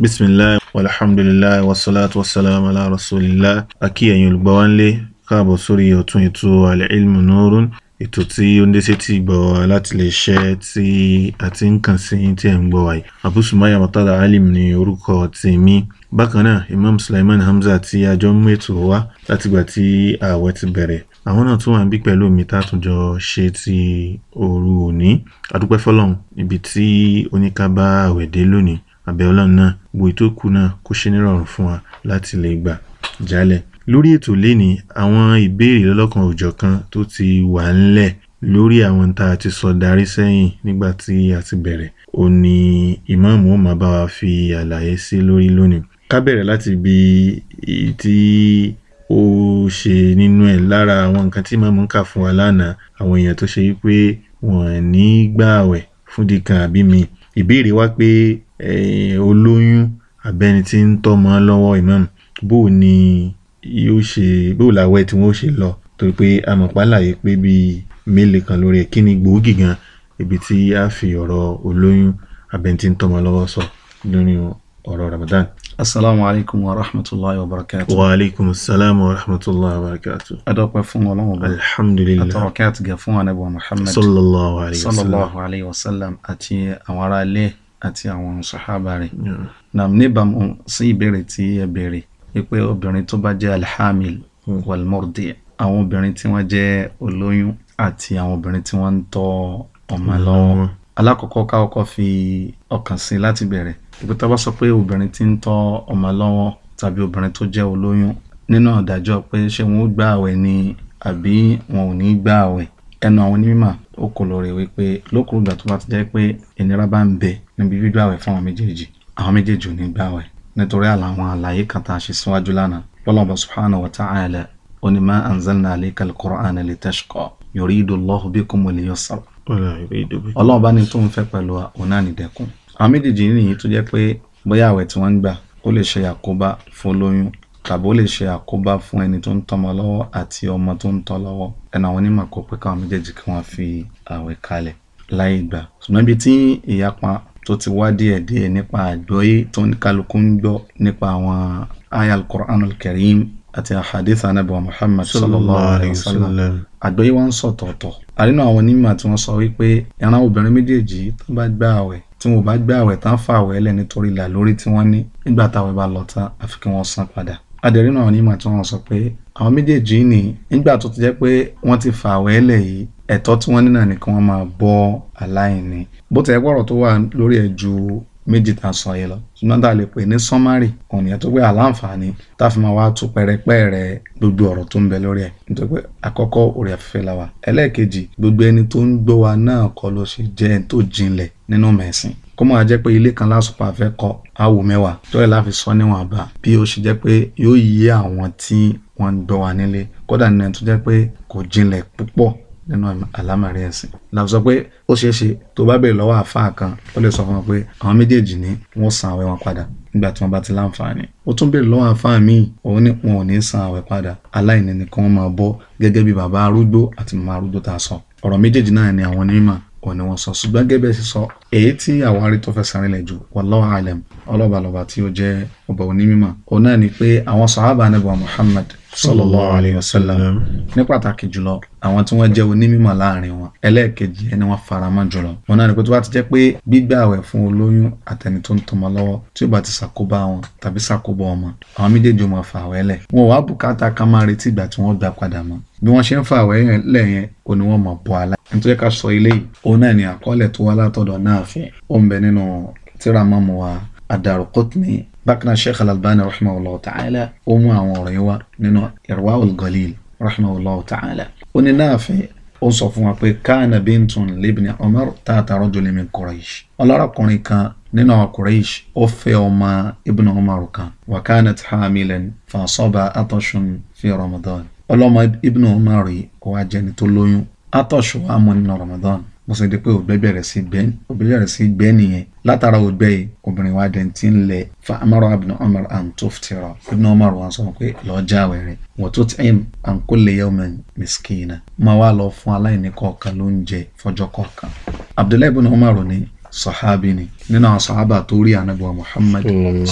bisimilayi alhamdulilayi wasalaatu wasalaamu ala rasulillah akí ẹ̀yin olùgbọ́wánlé káàbọ̀ sórí ọ̀tún ètò Al-Ilm Nurun ètò tí ó ń dé sétí gbọ̀ wá láti lè ṣẹ́ tí a ti ń kàn sí tí ẹ̀ ń gbọ́ wáyé Abu Sumaya Murtada Alim ni orúkọ tèmi bákan náà Imam Sulaiman Hamza tí a jọ mú ètò wá látìgbà tí ààwẹ̀ ti bẹ̀rẹ̀ àwọn náà tún wà níbí pẹ̀lú mi tátùjọ ṣe ti òru òní adúpẹ́ fọlọ́run ibi tí oníkábà àwẹ̀ lónìí àbẹ̀ ọlọ́run náà gbogbo ètò kù náà kó ṣe nírọ̀rùn fún wa láti lè gbà jálẹ̀. lórí ètò lẹ́ni àwọn ìbéèrè lọ́lọ́kan òjọ̀kan tó ti wà ńlẹ̀ lórí àwọn tá a ti sọ darí sẹ́yìn nígbà tí a ti bẹ̀rẹ̀ ó ní ìmáàmù ó máa bá wa fi àlàyé sí lórí lónìí. ká bẹ̀rẹ̀ láti bi tí ó ṣe nínú ẹ̀ lára àwọn nǹkan tí ìmáàmù ń kà fún wa lánàá àwọn èèyàn tó ṣe wípé wọn ní gbààwẹ̀ fún àbí mi ìbéèrè wá pé Eh, olóyún àbẹ́ni tí ń tọ́mọ lọ́wọ́ imam bó ni yóò ṣe bó làwẹ̀ tí wọ́n ṣe lọ torí pé amọ̀pá láyé pé bíi mélòó kan lórí ẹ̀ kí ni gbòógì gan ibi tí a fi ọ̀rọ̀ olóyún àbẹ́ni tí ń tọ́mọ lọ́wọ́ sọ lórí ọ̀rọ̀ Ramadan. asalaamu alaykum wa rahmatulahi wa barakatu. wa alaykum salaam wa rahmatulahi wa barakatu. adọ́pẹ́ fún ọlọ́run bá. alhamdulilayi. àtọ̀rọ̀ kí a ti gẹ̀ fún anabi wa muhammad. sallallahu alayhi wa sallam. sallallahu alayhi wa sallam àti àwọn ará ilé àti àwọn sàhábà rẹ̀ nam níbàámu sí ìbéèrè tí ẹ béèrè wípé obìnrin tó bá jẹ́ alhamil hmm. walmordi àwọn obìnrin tí wọ́n jẹ́ olóyún àti àwọn obìnrin tí wọ́n ń tọ́ ọmọ hmm. lọ́wọ́ alákọ̀ọ́kọ́ káwọ́kọ́ fi ọkàn sí láti bẹ̀rẹ̀ ìpè tó bá sọ pé obìnrin tí ń tọ́ ọmọ lọ́wọ́ tàbí obìnrin tó jẹ́ olóyún nínú ọ̀dájọ́ pé ṣé wọ́n gbà àwẹ̀ ni àbí wọn ò ní gbà àwẹ̀ ẹnu àwọn onímọ̀ ó kò lóore wípé lókùrú ìgbà tó bá ti jẹ́ pé ìnira bá ń bẹ níbi gbígbà wẹ̀ fún àwọn méjèèjì àwọn méjèèjì ò ní gbà wẹ̀ nítorí àwọn àlàyé kan tá a ṣe síwájú lánàá lọ́lọ́ba subhanahu wa ta'ala ó ní ma anzalna alayka al-Qur'ana litashqa yuridu Allahu bikum al-yusra ọlọ́run bá ní tó ń fẹ́ pẹ̀lú òun náà àwọn méjèèjì nìyí tó jẹ́ pé bóyá àwẹ̀ tí wọ́n ń gbà ó lè ṣe àkóbá fún olóyún tàbí ó lè ṣe àkóbá fún ẹni tó ń tọ́mọ lọ́wọ́ àti ọmọ tó ń tọ́ lọ́wọ́ ẹnu àwọn onímọ̀ kò pé káwọn méjèèjì kí wọ́n fi àwẹ̀ kalẹ̀ láì gbà ṣùgbọ́n ibi tí ìyapa tó ti wá díẹ̀ díẹ̀ nípa àgbọ́yé tó ní kálukú ń gbọ́ nípa àwọn aya quran al-Karim àti ahadith anabi wa Muhammad sallallahu alayhi wa sallam àgbọ́yé wọn sọ tọ̀ọ̀tọ̀ àrínú àwọn onímọ̀ tí wọ́n sọ wípé ẹran obìnrin méjèèjì tó bá gbà àwẹ̀ tí wọn ò bá gbà àwẹ̀ tán fà àwẹ̀ lẹ̀ nítorí ìlà lórí tí wọ́n ní nígbà táwọn bá lọ tán àfi kí wọ́n san padà adẹ̀rínà àwọn onímọ̀ tí wọ́n sọ pé àwọn méjèèjì ni nígbà tó ti jẹ́ pé wọ́n ti fà wẹ́lẹ̀ yìí ẹ̀tọ́ tí wọ́n ní náà ni kí wọ́n máa bọ́ aláìní bó tẹ̀ pọ̀rọ̀ tó wà lórí ẹ̀ ju méjì tá a sọ yìí lọ ṣùgbọ́n tá a lè pè ní sọ́márì òun nìyẹn tó pé àlàǹfààní tá a fi máa wá tu pẹ́rẹpẹ́rẹ gbogbo ọ̀rọ̀ tó ń bẹ lórí ẹ̀ nítorí pé àkọ́kọ́ orí afẹ́fẹ́ la wà ẹlẹ́ẹ̀kejì gbogbo ẹni tó ń gbọ́ wa náà kọ́ ló ṣe jẹ́ ẹni tó jinlẹ̀ nínú mẹ̀sìn kó mọ̀ jẹ́ pé ilé kan lásùpà fẹ́ kọ́ àwò mẹ́wàá tọ́lẹ̀ láfi sọ níwọ̀n àbá bí ó ṣe jẹ́ pé yóò yé àwọn tí wọ́n ń gbọ́ wa nílé kódà nínú ẹni tó jẹ́ pé kò jinlẹ̀ púpọ̀ nínú àlámọ̀rí ẹ̀sìn la sọ pé ó ṣeé ṣe tó bá bẹ̀rẹ̀ lọ́wọ́ àáfàá kan ó lè sọ fún wọn pé àwọn méjèèjì ní wọ́n san àwẹ̀ wọn padà nígbà tí wọ́n bá ti láǹfààní ó tún bẹ̀rẹ̀ lọ́wọ́ àáfàá míì òun ní wọn ò ní san àwẹ̀ padà aláìní nìkan wọn máa bọ́ gẹ́gẹ́ bí bàbá arúgbó àti màmá arúgbó tá a sọ ọ̀rọ̀ méjèèjì náà ni àwọn onímọ̀ òun ni wọ́n sọ ṣùgbọ́n gẹ́gẹ́ bẹ́ẹ̀ sì sọ èyí tí àwọn arí tó fẹsẹ̀ rinlẹ̀ jù wallahu alam ọlọ́balọ́ba tí ó jẹ́ ọba onímọ̀ òun ni pé àwọn sàhábà ànábì Muhammad sallallahu alayhi wa sallam ní pàtàkì jùlọ àwọn tí wọ́n jẹ́ onímọ̀ láàrin wọn ẹlẹ́ẹ̀kejì ẹni wọ́n faramọ́ jùlọ wọn náà ní pé tó bá ti jẹ́ pé gbígbààwẹ̀ fún olóyún àtẹni tó ń tọmọ lọ́wọ́ tí ó bá ti ṣàkóbá wọn tàbí ṣàkóbá ọmọ àwọn méjèèjì máa fà wẹ́lẹ̀ wọn ò wá bùkátà ká máa retí ìgbà tí wọ́n gbà padà mọ́ bí wọ́n ṣe ń fà wẹ́lẹ̀ yẹn ò ní wọ́n mọ̀ bọ́ alá nítorí ká sọ ilé yìí òun náà ni àkọọ́lẹ̀ bákan náà sheikh al-albani rahimahullah ta'ala ó mú àwọn ọ̀rọ̀ yìí wá nínú irwa al-galil rahimahullah ta'ala ó ní Nafi ó sọ fún wa pé káàna bintun libni umar tata rajulin min quraish ọlọ́rọ̀kùnrin kan nínú àwọn quraish ó fẹ́ ọmọ ibn umar kan wa kanat hamilan fa asaba fi ramadan ọlọ́mọ ibn umar yìí ó wá jẹni tó lóyún atọ́ṣù wa mú nínú ramadan bó ṣe di pé ògbẹ́ bẹ̀rẹ̀ sí gbẹ́ ògbẹ́ bẹ̀rẹ̀ sí gbẹ́ nìyẹn látara ògbẹ́ yìí obìnrin wa dẹ̀ ti ń lẹ̀ fa amaro ibn umar an tuftira ibn umar wa sọ pé lọ́ọ́ já wẹ̀rẹ̀ wọ́n tó tẹ̀yìn an kulli yawmin miskina máa wá lọ fún aláìní kọ̀ọ̀kan lóúnjẹ fọjọ́ kọ̀ọ̀kan abdullahi ibn umar ní sahabi ni nínú àwọn sahaba tó rí anabi wa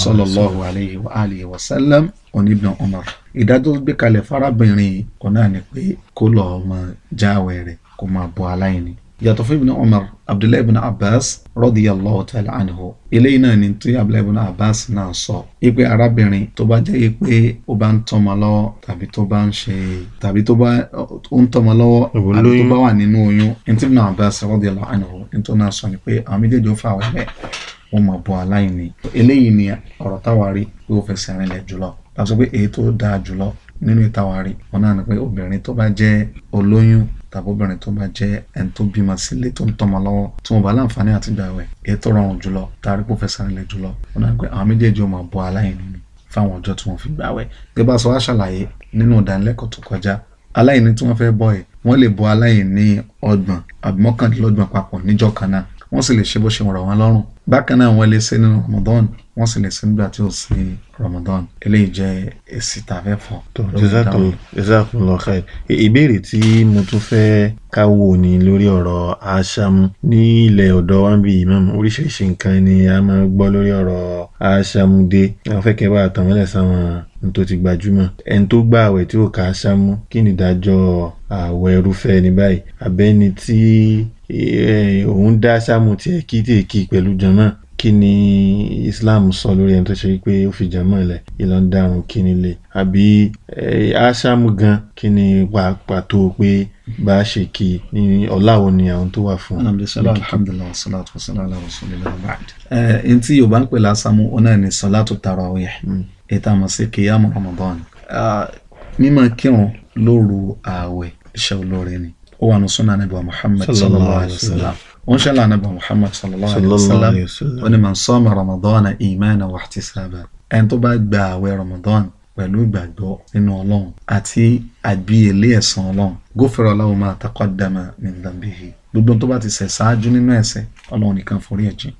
sallallahu alayhi wa alihi wa sallam oní ibn umar ìdájọ́ gbé kalẹ̀ farabirin kò náà ni pé kó lọ́ọ́ máa jáwèé rẹ̀ kó máa bọ́ aláìní yàtọ̀ fún ibn umar abdullahi ibn abbas radiyallahu ta'ala anhu eléyìí náà ni tí abdullahi ibn abbas náà sọ ipe arábìnrin tó bá jẹ́ pé ó bá ń tọmọ lọ́wọ́ tàbí tó bá ń ṣe tàbí tó bá ń tọmọ lọ́wọ́ àbí tó bá wà nínú oyún ntí ibn abbas radiyallahu anhu ntó náà sọ ni pé àwọn méjèèjì ó fà wẹ́lẹ̀ wọ́n máa bọ́ aláìní eléyìí ni ọ̀rọ̀ táwa rí pé ó fẹsẹ̀ rìnlẹ̀ jùlọ tàbí sọ pé èyí tó dáa jùlọ nínú ìtawárí wọn náà ni pé obìnrin tó bá jẹ́ olóyún tàbí obìnrin tó bá jẹ́ ẹni tó bímọ sílé tó ń tọ́mọ lọ́wọ́ tí wọn bá láǹfààní àti gbàwẹ̀ èyí tó rọrùn jùlọ tàbí kó fẹsẹ̀ rìnlẹ̀ jùlọ wọn náà ni pé àwọn méjèèjì ó máa bọ́ aláìní ni fáwọn ọjọ́ tí wọ́n fi gbàwẹ̀ gẹ́gẹ́ bá sọ wá ṣàlàyé nínú ìdánilẹ́kọ̀ọ́ tó kọjá aláìní tí wọ́n fẹ́ bọ́ ẹ̀ wọ́n lè bọ́ aláìní ọgbọ̀n àbí mọ́kàndínlọ́gbọ̀n papọ̀ níjọ́ kan náà wọ́n sì lè ṣe bó ṣe rọ̀ wọ́n lọ́rùn bákan náà wọ́n lè ṣe nínú Ramadan wọ́n sì lè ṣe nígbà tí ó sì Ramadan eléyìí jẹ́ èsì tá a fẹ́ fọ́. tó jazakumullahu khair ìbéèrè tí mo tún fẹ́ ká wò lórí ọ̀rọ̀ aṣámú ní ilẹ̀ ọ̀dọ̀ wa bí imam oríṣiríṣi nǹkan ni a máa gbọ́ lórí ọ̀rọ̀ aṣámú dé àwọn fẹ́ kẹ́ bá àtàmọ́lẹ̀ sáwọn ní tó ti gbajúmọ̀ ẹni tó gba àwẹ̀ tí ò ká aṣámú kí ni ìdájọ́ àwẹ̀ irúfẹ́ ní báyìí àbẹ́ni tí òun dá aṣámú tiẹ̀ kí tiẹ̀ kí pẹ̀lú jọm jama kí ni Islam sọ lórí ẹni tó ṣe pé ó fi jama lẹ̀ ìlànà dárun kí ni lè àbí aṣáàmù eh, gan kí ni pàtó pé bá a ṣe kí ni ọ̀làwọ̀ ni àwọn tó wà fún. alhamdulilayi salatu wa salam ala rasulillah ba'd. ẹ ẹ ntí yorùbá ń pè lásámú ọ̀nà ni salatu tarawih hmm. ètò àmọ̀ sí kìyàmù Ramadan ah, mímọ kírun lóru ààwẹ̀ iṣẹ́ olóore ni ó wà ní sunan anabi muhammad sallallahu alayhi wa sallam wọ́n ṣẹlẹ̀ anabi muhammad sallallahu alayhi wa sallam wọ́n ní man sama ramadana imana wa ihtisaba ẹni tó bá gba àwẹ̀ ramadan pẹ̀lú ìgbàgbọ́ nínú ọlọ́run àti àgbéyẹ̀lé ẹ̀san ọlọ́run gófẹ́rọ̀ lahu ma taqaddama min dhanbihi gbogbo tó bá ti ṣẹ̀ ṣáájú nínú ẹ̀ṣẹ̀ ọlọ́run nìkan forí ẹ̀ jìn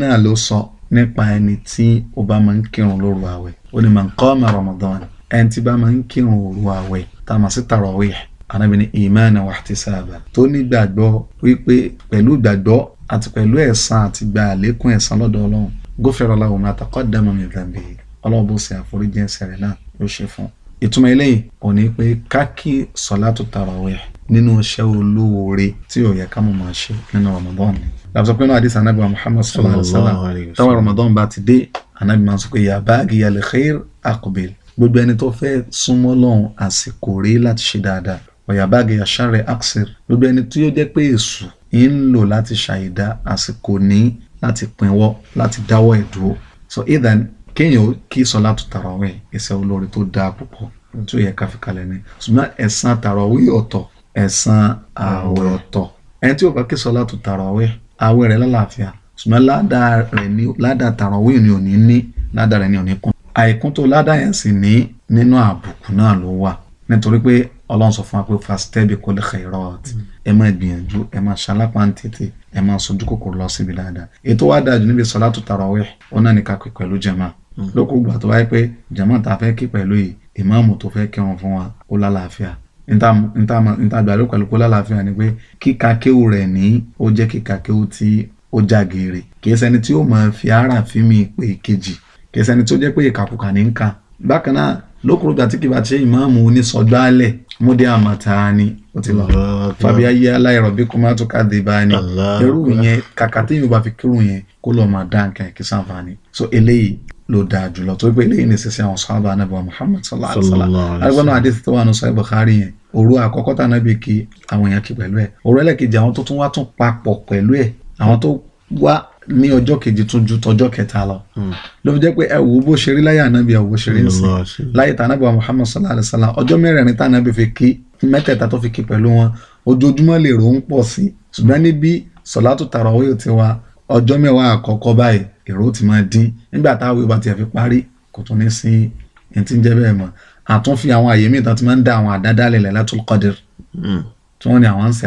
náà ló sọ nípa ẹni tí ó bá máa ń kírun lóru àwẹ̀ ó ní man qama ramadan ẹni tí bá máa ń kírun òru àwẹ̀ tá a máa sí tarawih arábìnrin imana wahtisaba tó nígbàgbọ́ wípé pẹ̀lú ìgbàgbọ́ àti pẹ̀lú ẹ̀san àti gba àlékún ẹ̀san lọ́dọ̀ ọlọ́run gufira lahu ma taqaddama min dhanbi ọlọ́run bó ṣe àforíjì ẹ̀ṣẹ̀ rẹ̀ náà ló ṣe fún un ìtumọ̀ eléyìí ò ní pé kákì sọ̀látù tarawih nínú iṣẹ́ olóore tí ò yẹ ká mọ̀ máa ṣe nínú Ramadan ni. làbùsọ̀ pé náà àdìsí anábìwá Muhammad sallallahu alayhi wa sallam táwọn Ramadan bá ti dé gbogbo ẹni tó fẹ́ súnmọ́ lọ́hùn àsìkò rí láti ṣe dáadáa ọ̀yàbági àṣàrẹ̀ axel gbogbo ẹni tí yóò jẹ́ pé èṣù yìí ń lò láti ṣàyẹ̀dá àsìkò ní láti pinwọ́ láti dáwọ́ ẹ̀ so either kéèyàn kí sọlá tó tarawih iṣẹ́ olóore tó dáa púpọ̀ tí ó yẹ ká fi kalẹ̀ ni ṣùgbọ́n ẹ̀san tarawih ọ̀tọ̀ ẹ̀san ààwẹ̀ ọ̀tọ̀ ẹni tí ó bá kí sọlá tó tarawih ààwẹ̀ rẹ̀ lálàáfíà ṣùgbọ́n ládàá rẹ̀ ní ládàá tarawih ni ò ní ní ládàá rẹ̀ ni ò ní kún àìkún tó ọlọ́run sọ fún wa pé fastẹ́bi kò lè khairat ẹ máa gbìyànjú ẹ máa ṣalápá ń tètè ẹ máa sojú kòkòrò lọ síbi dáadáa ètò wa dájú níbi sọlátù tarawih wọn náà ní ká pè pẹ̀lú jama hmm. lókùgbà tó wáyé pé jama tá a fẹ́ kí pẹ̀lú yìí ìmáàmù tó fẹ́ kírun fún wa ó lálàáfíà níta gbàlú pẹ̀lú kó lálàáfíà ni pé kíka kéwù rẹ̀ ní ó jẹ́ kíka kéwù tí ó jàgèrè kìí ṣẹni tí ó máa fi ara lókùrú gbà tí kì bá ìmáàmù onísọgbálẹ̀ múdé àmàta ni ó ti lọ fàbí ayé aláìrọ̀ bí kò má tó ká dìbà ni irú yẹn kàkà téèyàn bá fi kírun yẹn kó lọ́ọ́ máa dá nǹkan kí sàǹfààní so eléyìí ló dáa jùlọ tó pé eléyìí ní sísẹ àwọn sọ́ọ́bà anábì wa Muhammad sallallahu alayhi wa sallam alágbọ́nà àdé tó wà ní sọ́ọ́ Bukhari yẹn òru àkọ́kọ́ tá anábì kí àwọn èèyàn kí pẹ̀lú ẹ̀ òru ẹlẹ́kejì àwọn tó tún wá tún papọ̀ pẹ̀lú ẹ̀ àwọn tó wá ní ọjọ́ kejì tún ju tọjọ́ kẹta lọ hmm. ló fi jẹ́ pé ẹ wò bó ṣe rí láyé ànábì ẹ wò ṣe rí nsìn láyé tá ànábì wa sallallahu alayhi wa sallam ọjọ́ mẹ́rẹ̀ẹ̀rin tá ànábì fi kí mẹ́tẹ̀ẹ̀ta tó fi kí pẹ̀lú wọn ojoojúmọ́ lè rò ń pọ̀ sí ṣùgbọ́n níbi sọ̀látù tàràwí ò ti wa ọjọ́ mẹ́wàá àkọ́kọ́ báyìí èrò ti máa dín nígbà táwọn ìwà tiẹ̀ fi parí kò ti tí wọ́n ní àwọn ń ṣe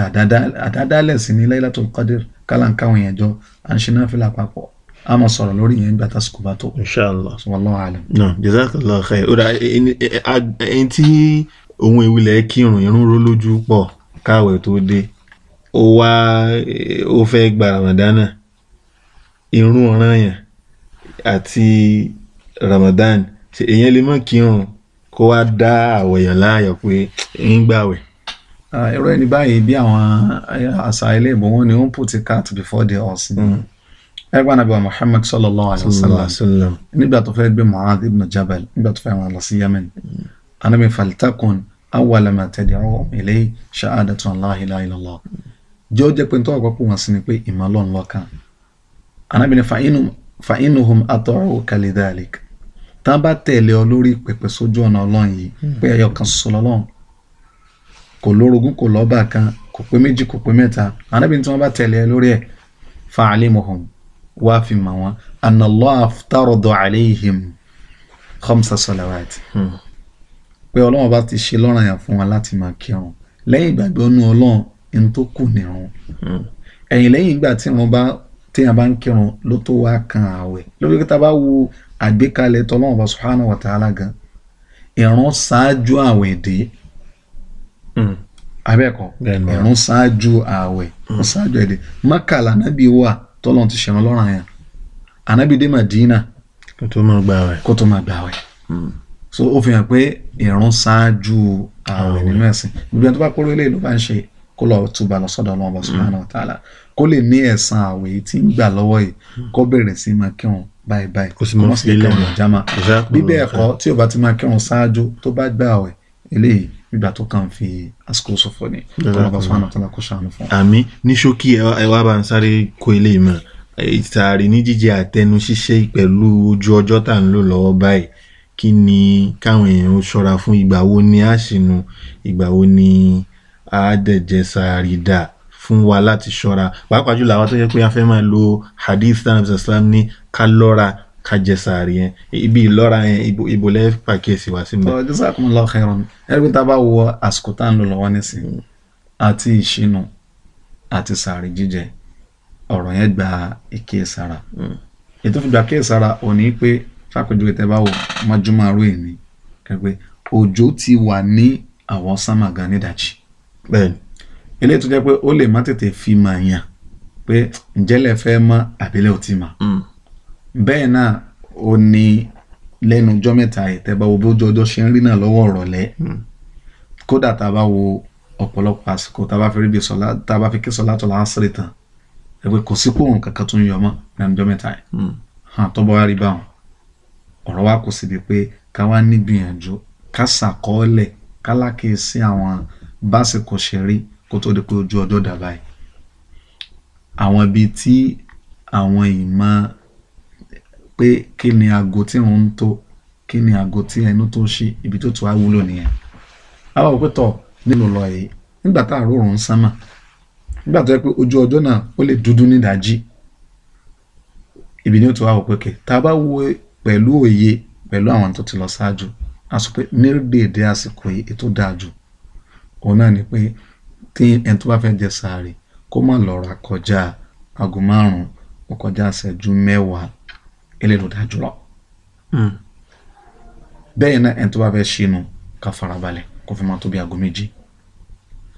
àdádálẹ̀ sí ní Laylatul Qadr kálánká àwọn èèyàn jọ à ń ṣe náà fìlà papọ̀ a máa sọ̀rọ̀ lórí yẹn nígbà tásìkò bá tó. inshallah wallahu alam. na jazakallah khair ó dà ẹni tí ohun ìwilẹ̀ kírun irun ró lójú pọ̀ káwẹ̀ tó dé ó wá ó fẹ́ gba ramadana irun ọ̀ràn yẹn àti ramadan èèyàn lè mọ̀ kírun kó wá dá àwọ̀ yàn láàyò pé ń gbàwẹ̀. Ah, irú ẹni báyìí bí àwọn eh, àṣà ilé ìbò wọn ni ó ń put the cat before the horse ni hmm. ẹgbẹ́ anabi wa muhammad sallallahu alayhi wa sallam nígbà tó fẹ́ gbé mu'adh ibn jabal nígbà tó fẹ́ wọn lọ sí yemen anabi faltakun awwala ma tad'uhum ilayhi shahadatu an la ilaha illallah jẹ́ ó jẹ́ pé nítorí àkọ́kọ́ wọn sí ni pé ìmọ̀ lọ́kàn anabi ni fa inuhum ata'uka tá a bá tẹ̀lé ọ lórí pẹ̀pẹ̀ sójú ọ̀nà ọlọ́run yìí hmm. pé ẹyọ kan ṣoṣo lọ́lọ́run kò lórogún kò lọ́ba kan kò pé méjì kò pé mẹ́ta anábì tí wọ́n bá tẹ̀lé ẹ lórí ẹ̀ fa alimuhum wá fi mọ̀ wọ́n anallahu aftarada alayhim khamsa salawat hmm. pé ọlọ́run bá ti ṣe lọ́ràn yàn fún wa láti máa kírun lẹ́yìn ìgbàgbọ́ nú ọlọ́run ẹni tó kù nírun hmm. ẹ̀yìn lẹ́yìn ìgbà tí wọ́n bá téèyàn bá ń kírun ló tó wá kan ààwẹ̀ lórí kí ta bá wo àgbékalẹ̀ tọ́lọ́run bá subhanahu wa ta'ala gan ṣáájú ààwẹ̀ dé abẹ́ẹ̀kọ́ ìrún ṣáájú ààwẹ̀ ìrún hmm. ṣáájú ẹ̀dẹ̀ Mákà lànàbí wà tọ́lọ́n ti ṣẹ̀wọ̀n lọ́rùn yẹn ànàbí dé Màdínà kó tó máa gbà wẹ̀ hmm. so ó fi hàn pé ìrún ṣáájú ààwẹ̀ nínú ẹ̀sìn gbogbo ẹni tó bá kóró ilé ló bá ń ṣe kó lọ túbà lọ sọ́dọ̀ Ọlọ́run subhanahu wa ta'ala hmm. kó lè ní ẹ̀san ààwẹ̀ yìí tí ń gbà lọ́wọ́ yìí kó bẹ̀rẹ̀ sí máa kírun báyìí báyìí kò sì mọ̀ sí kírun jama bíbẹ̀ ẹ̀kọ́ tí ò bá ti máa kírun ṣáájú tó bá gbà ààwẹ̀ eléyìí gbígbà tó kàn fi àsìkò ṣòfò ni kọlọba sọfànà tó lákò ṣàánú fún. àmì ní ṣókí ẹ wá bá ń sáré kó ilé ìmọ̀ ìtàrí ní jíjẹ àtẹnu ṣíṣe pẹ̀lú ojú ọjọ́ tá ń lò lọ́wọ́ báyìí kí ni káwọn èèyàn ṣọ́ra fún ìgbà wo ni a ṣìnú ìgbà wo ni a dẹ̀jẹ̀ sàárì dà fún wa láti ṣọ́ra pàápàá jùlọ àwọn tó yẹ pé a fẹ́ máa lo hadith tanabi islam ní ká lọ́ra ká yẹn ibi ìlọ́ra yẹn ibo lẹ́ pàkíyèsí wá sí mi. ọ̀ jazakumullahu khairan ẹgbẹ́ tá a bá wo àsìkò tá à ń lò lọ́wọ́ nísìnyí àti ìṣínú àti sàárì jíjẹ ọ̀rọ̀ yẹn gba ìkíyèsára hmm. ètò ìgbà kíyèsára ò ní pé fàpèjúwe tẹ bá wò mọ́júmọ́ àrò èmi kẹgbẹ́ òjò ti wà ní àwọn sámà nídàjì. bẹ́ẹ̀ni eléyìí tó jẹ́ pé ó lè má tètè fi màá yàn pé ǹjẹ́ lẹ fẹ́ mọ́ àbílẹ̀ ò tí ma. Mm bẹ́ẹ̀ náà ó ní lẹ́nu ọjọ́ mẹ́ta yìí tẹ́ bá wo bójú ọjọ́ ṣe ń rí náà lọ́wọ́ ìrọ̀lẹ́ hmm. kódà tá a bá wo ọ̀pọ̀lọpọ̀ àsìkò tá a bá fi rí bí sọlá tá a bá fi kí sọlá tó láásìrì tán ẹ pé kò sí kóhùn kankan tó ń yọ mọ́ lẹ́nu ọjọ́ mẹ́ta hmm. hàn tó bá wá rí báwọn ọ̀rọ̀ wa kò síbi pé ká wá nígbìyànjú ká ṣàkọọ́lẹ̀ ká lákèésí àwọn básìkò ṣe rí kó tó di pé ojú ọjọ́ dà àwọn ibi tí àwọn ìmọ̀ pé kí ni aago tí òun ń tó kí ni aago tí ẹnu tó ṣí ibi tó tún á wúlò nìyẹn. àwa wò pé tọ̀ nílò lọ yìí nígbà tá àárọ̀ òun sánmà nígbà tó yẹ pé ojú ọjọ́ náà ó lè dúdú nídàájí ibi ni ó tún wá wò pé kè tá a bá wo pẹ̀lú òye pẹ̀lú àwọn tó ti lọ ṣáájú a sọ pé ní dèédé àsìkò yìí ètò dáa jù òun náà ni pé tí ẹni tó bá fẹ́ jẹ sàárì kó má lọ ra kọjá aago márùn-ún ó kọjá ìṣẹ́jú mẹ́wàá eléyìí ló dáa jùlọ. Hmm. bẹ́ẹ̀ náà ẹni tó bá fẹ́ ṣínú ká farabalẹ̀ kó fi máa tó bí aago méjì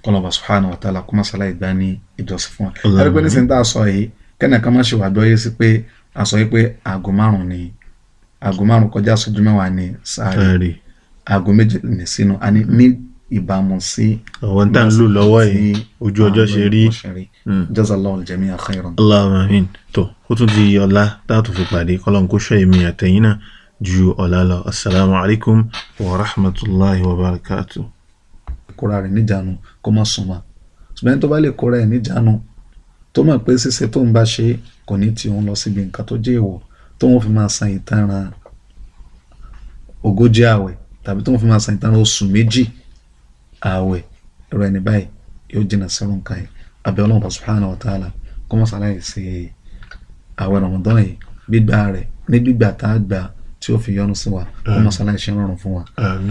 kọlọba subhanahu wa ta'ala kó masala ìgbà ní ìjọsìn fún wa. àdúgbò ní sèǹtà sọ yìí kẹ́nà kan má ṣe wà gbọ́yé sí pé a sọ yìí pé aago márùn-ún ni aago márùn-ún kọjá aṣojú mẹ́wàá ni sáré aago méjì ní sínú a ní ìbámu sí. àwọn tá à ń lò lọ́wọ́ yìí ojú ọjọ́ ṣe rí. Hmm. jazallahu al-jami'a khairan. allahumma amin tó ó tún di ọ̀la tá a tún fi pàdé kọ́lọ́n kó ṣọ́ èmi àtẹ̀yìn náà ju ọ̀la lọ asalaamu alaykum wa rahmatulahi wa barakatu. kóra rẹ̀ níjànú kó má súnmọ́ ṣùgbọ́n tó bá lè kóra ẹ̀ níjànú tó mọ̀ pé ṣíṣe tó ń bá ṣe kò ní ti òun lọ síbi nǹkan tó jẹ́ èèwọ̀ tó wọ́n fi máa san ìtanràn ogójì àwẹ̀ tàbí tó wọ́n fi máa san ìtanràn oṣù méjì ààwẹ̀ ẹ̀rọ ẹni báyìí yóò jìnnà sẹ́rùn ká yìí abẹ́ ọlọ́run bá subhanahu wa ta'ala kó mọ̀ sàlàyé sí ààwẹ̀ Ramadan yìí gbígbà rẹ̀ ní gbígbà tá a gbà tí ó fi yọ́nú sí wa kó mọ̀ sàlàyé ṣe ń fún wa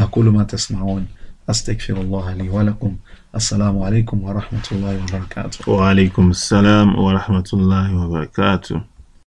aqulu ma tasma'un astaghfirullah li wa lakum assalamu alaykum wa rahmatullahi wa barakatuh. wa alaykum assalam wa rahmatullahi wa barakatuh.